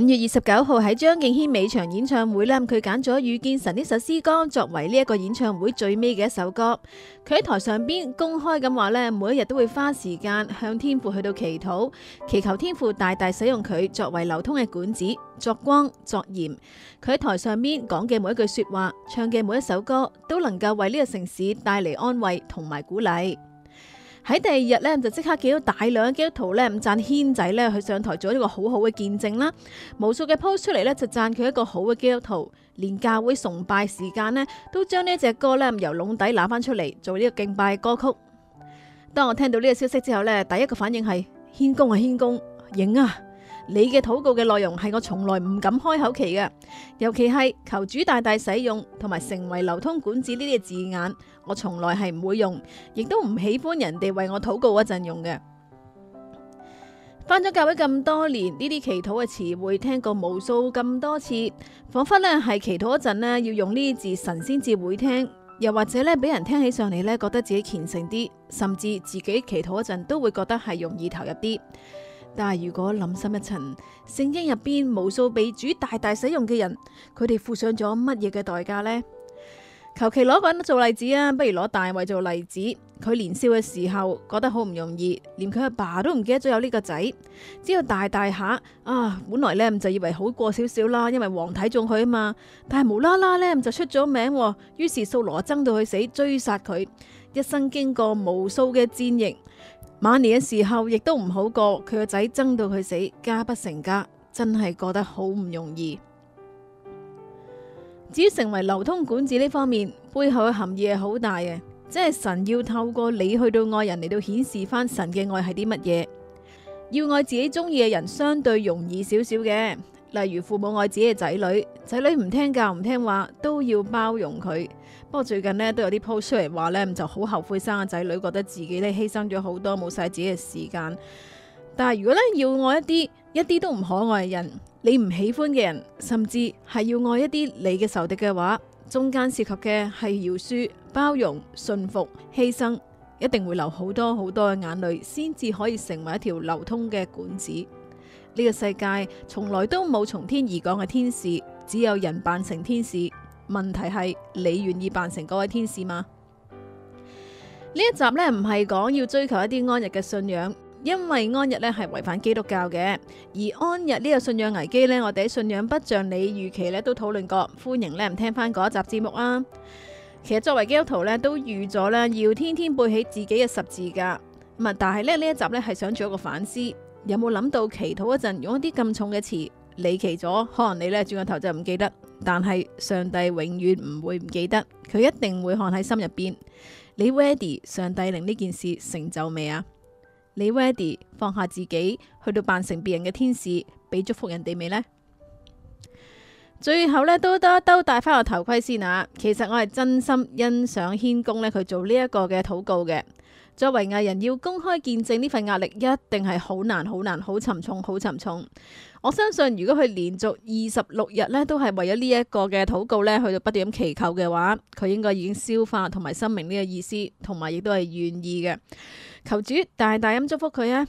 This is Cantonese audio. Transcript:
五月二十九號喺張敬軒尾場演唱會呢，佢揀咗《遇見神》呢首詩歌作為呢一個演唱會最尾嘅一首歌。佢喺台上邊公開咁話呢，每一日都會花時間向天父去到祈禱，祈求天父大大使用佢作為流通嘅管子，作光作鹽。佢喺台上邊講嘅每一句說話，唱嘅每一首歌，都能夠為呢個城市帶嚟安慰同埋鼓勵。喺第二日咧，就即刻見到大量嘅基督徒咧，咁讚軒仔咧去上台做一個好好嘅見證啦，無數嘅 post 出嚟咧，就讚佢一個好嘅基督徒，連教會崇拜時間咧，都將呢隻歌咧由籠底攬返出嚟做呢個敬拜歌曲。當我聽到呢個消息之後咧，第一個反應係：軒公啊，軒公影啊！你嘅禱告嘅內容係我從來唔敢開口祈嘅，尤其係求主大大使用同埋成為流通管子呢啲字眼，我從來係唔會用，亦都唔喜歡人哋為我禱告嗰陣用嘅。返咗教會咁多年，呢啲祈禱嘅詞彙聽過無數咁多次，仿佛咧係祈禱嗰陣咧要用呢啲字神先至會聽，又或者咧俾人聽起上嚟咧覺得自己虔誠啲，甚至自己祈禱嗰陣都會覺得係容易投入啲。但係如果諗深一層，聖經入邊無數被主大大使用嘅人，佢哋付上咗乜嘢嘅代價呢？求其攞個人做例子啊，不如攞大衛做例子。佢年少嘅時候覺得好唔容易，連佢阿爸都唔記得咗有呢個仔。只要大大下啊，本來呢就以為好過少少啦，因為王睇中佢啊嘛。但係無啦啦呢就出咗名，於是掃羅爭到佢死，追殺佢，一生經過無數嘅戰役。晚年嘅時候亦都唔好過，佢個仔憎到佢死，家不成家，真係過得好唔容易。至於成為流通管子，呢方面背後嘅含義係好大嘅，即係神要透過你去到愛人嚟，到顯示返神嘅愛係啲乜嘢，要愛自己中意嘅人相對容易少少嘅。例如父母愛自己嘅仔女，仔女唔聽教唔聽話都要包容佢。不過最近咧都有啲 post 出嚟話呢就好後悔生個仔女，覺得自己咧犧牲咗好多，冇晒自己嘅時間。但係如果咧要愛一啲一啲都唔可愛嘅人，你唔喜歡嘅人，甚至係要愛一啲你嘅仇敵嘅話，中間涉及嘅係饒恕、包容、信服、犧牲，一定會流好多好多嘅眼淚，先至可以成為一條流通嘅管子。呢個世界從來都冇從天而降嘅天使，只有人扮成天使。問題係你願意扮成嗰位天使嗎？呢一集呢，唔係講要追求一啲安逸嘅信仰，因為安逸呢係違反基督教嘅。而安逸呢個信仰危機呢，我哋喺信仰不像你預期呢都討論過，歡迎呢唔聽翻嗰一集節目啊。其實作為基督徒呢，都預咗呢要天天背起自己嘅十字架。咁啊，但係呢，呢一集呢係想做一個反思。有冇諗到祈禱一陣用一啲咁重嘅詞，你祈咗，可能你咧轉個頭就唔記得。但係上帝永遠唔會唔記得，佢一定會看喺心入邊。你 ready？上帝令呢件事成就未啊？你 ready 放下自己去到扮成別人嘅天使，俾祝福人哋未呢？最後呢，都得都戴翻個頭盔先啊！其實我係真心欣賞謙公呢，佢做呢一個嘅禱告嘅。作為藝人，要公開見證呢份壓力，一定係好難、好難、好沉重、好沉重。我相信，如果佢連續二十六日咧，都係為咗呢一個嘅禱告咧，去到不斷咁祈求嘅話，佢應該已經消化同埋深明呢個意思，同埋亦都係願意嘅。求主大大咁祝福佢啊！